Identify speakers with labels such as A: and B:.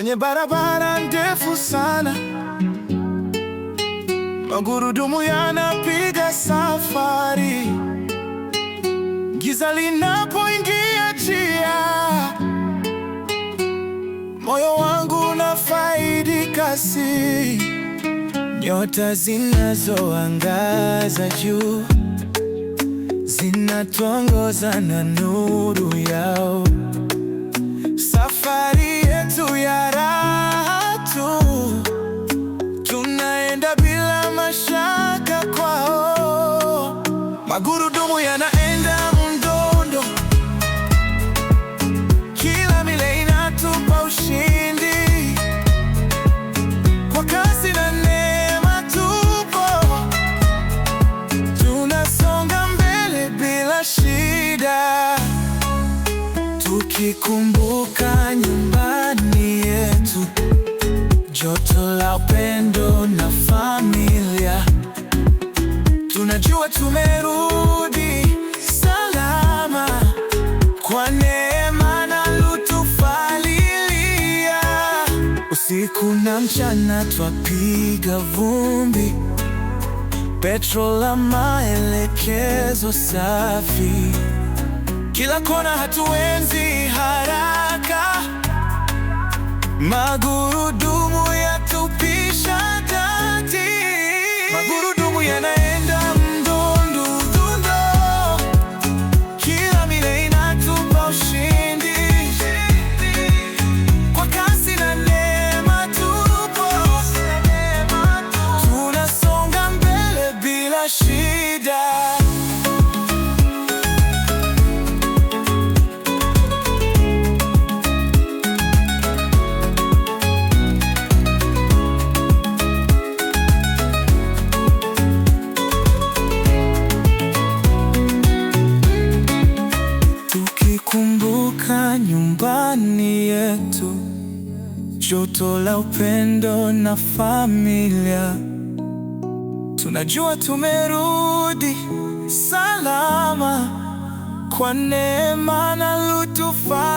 A: kwenye barabara ndefu sana, magurudumu yanapiga safari. Giza linapoingia njia, moyo wangu unafaidika si
B: nyota zinazoangaza juu zinatuongoza na nuru yao
A: safari Magurudumu yanaenda mdondo, kila mile inatupa ushindi, kwa kasi na neema tupo, tunasonga mbele bila shida,
B: tukikumbuka nyumbani yetu, joto la upendo na familia, tunajua tume Usiku na mchana twapiga vumbi, petro la maelekezo safi. Kila kona hatuenzi haraka magurudu vida. Tukikumbuka nyumbani yetu, joto la upendo na familia Tunajua tumerudi salama kwa neema na lutufa